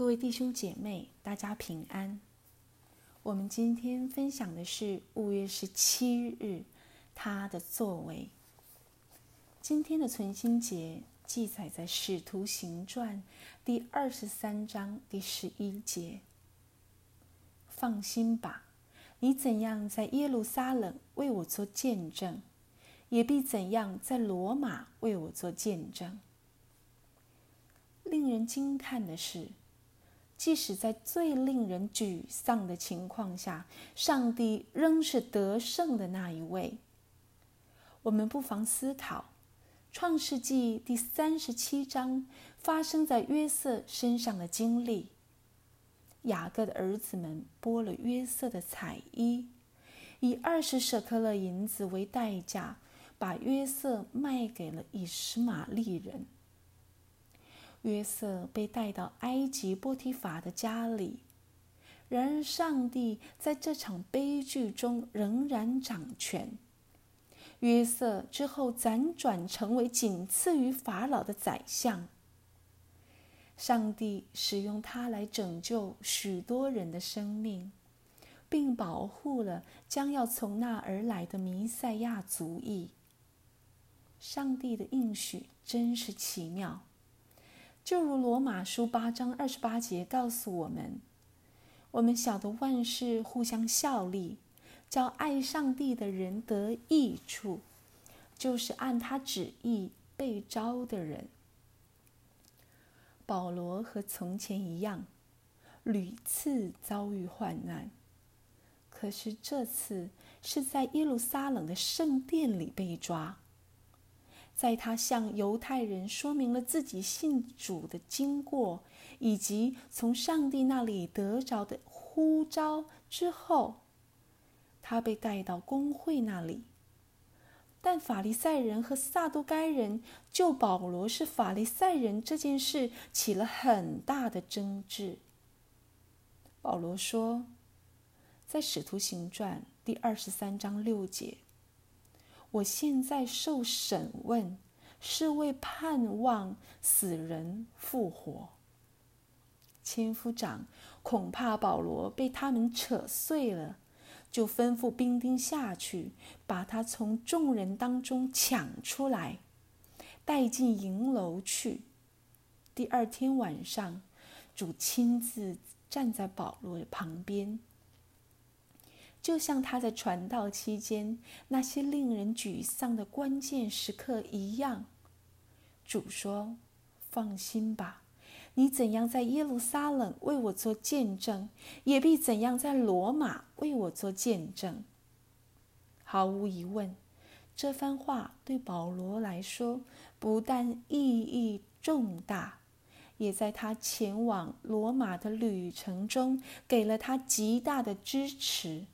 各位弟兄姐妹，大家平安。我們今天分享的是五月十七日他的作為。今天的存心節記載在《使徒行傳》第二十三章第十一節。放心吧，你怎樣在耶路撒冷為我做見證，也必怎樣在羅馬為我做見證。令人驚嘆的是，即使在最令人沮喪的情況下，上帝仍是得勝的那一位。我們不妨思考《創世紀》第三十七章發生在約瑟身上的經歷：雅各的兒子們剝了約瑟的彩衣，以二十舍客勒銀子為代價，把約瑟賣給了以實瑪利人。約瑟被帶到埃及波提法的家裡，然而上帝在這場悲劇中仍然掌權。約瑟之後輾轉成為僅次於法老的宰相，上帝使用他來拯救許多人的生命，並保護了將要從那而來的彌賽亞族裔。上帝的應許真是奇妙。就如羅馬書八章二十八節告訴我們，我們曉得萬事互相效力，叫愛上帝的人得益處，就是按他旨意被召的人。保羅和從前一樣，屢次遭遇患難，可是這次是在耶路撒冷的聖殿裡被抓。在他向猶太人說明了自己信主的經過，以及從上帝那裡得着的呼召之後，他被帶到公會那裡。但法利賽人和撒都該人就保羅是法利賽人這件事起了很大的爭執。保羅說，在《使徒行傳》第二十三章六節。我現在受審問，是為盼望死人復活。千夫長恐怕保羅被他們扯碎了，就吩咐兵丁下去把他從眾人當中搶出來，帶進營樓去。第二天晚上，主親自站在保羅旁邊。就像他在傳道期間那些令人沮喪的關鍵時刻一樣，主說：“放心吧，你怎樣在耶路撒冷為我做見證，也必怎樣在羅馬為我做見證。”毫無疑問，這番話對保羅來說不但意義重大，也在他前往羅馬的旅程中給了他極大的支持。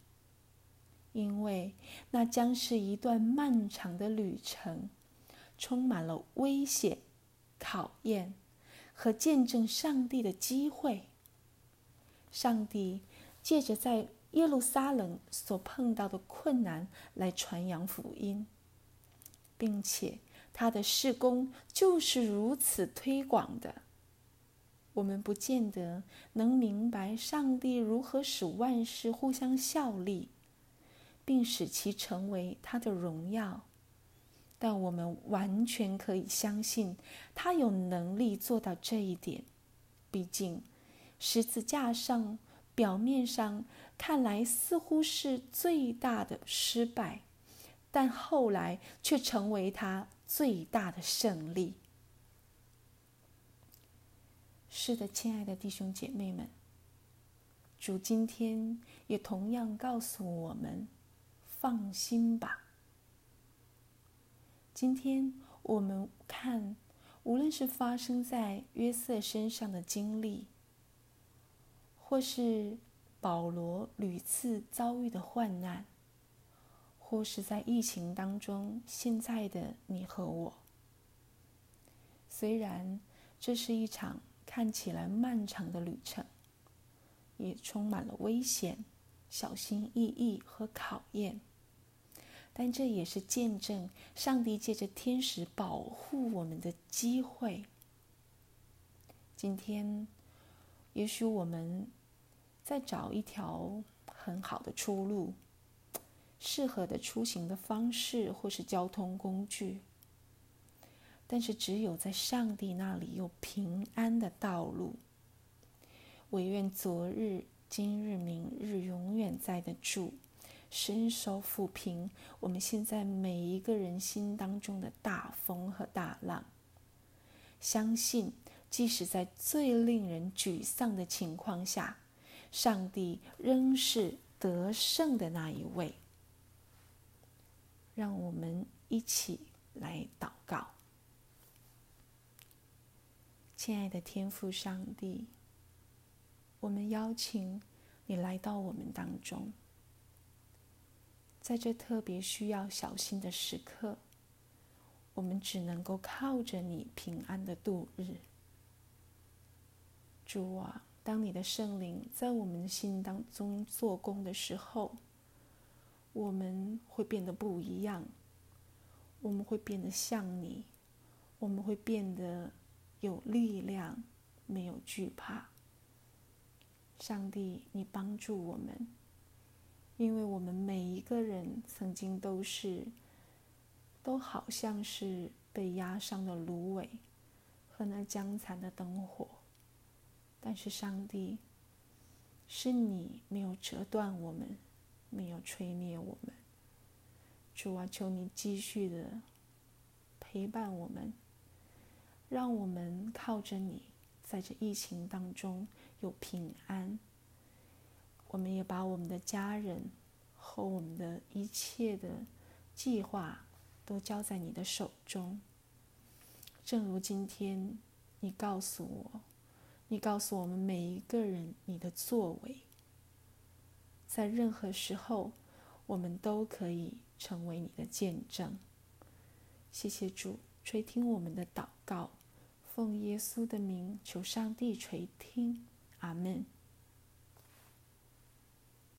因為那將是一段漫長的旅程，充滿了危險、考驗和見證上帝的機會。上帝借着在耶路撒冷所碰到的困難來傳揚福音，並且他的事工就是如此推廣的。我們不見得能明白上帝如何使萬事互相效力。並使其成為他的榮耀，但我們完全可以相信他有能力做到這一點。畢竟，十字架上表面上看來似乎是最大的失敗，但後來卻成為他最大的勝利。是的，親愛的弟兄姐妹們，主今天也同樣告訴我們。放心吧！今天我們看，無論是發生在約瑟身上的經歷，或是保羅屢次遭遇的患難，或是在疫情當中，現在的你和我，雖然這是一場看起來漫長的旅程，也充滿了危險、小心翼翼和考驗。但這也是見證上帝借着天使保護我們的機會。今天，也許我們在找一條很好的出路，適合的出行的方式或是交通工具。但是，只有在上帝那裡有平安的道路。唯願昨日、今日、明日永遠在得住，伸手撫平我們現在每一個人心當中的大風和大浪。相信，即使在最令人沮喪的情況下，上帝仍是得勝的那一位。讓我們一起來禱告。親愛的天父上帝，我們邀請你來到我們當中。在這特別需要小心的時刻，我們只能夠靠着你平安的度日。主啊，當你的聖靈在我們的心當中做工的時候，我們會變得不一樣，我們會變得像你，我們會變得有力量，沒有懼怕。上帝，你幫助我們。因為我們每一個人曾經都是，都好像是被壓傷的蘆葦和那將殘的燈火，但是上帝，是你沒有折斷我們，沒有吹滅我們。主啊，求你繼續的陪伴我們，讓我們靠着你，在這疫情當中有平安。我們也把我們的家人和我們的一切的計劃都交在你的手中。正如今天，你告訴我，你告訴我們每一個人你的作為，在任何時候，我們都可以成為你的見證。謝謝主，垂聽我們的禱告，奉耶穌的名，求上帝垂聽，阿門。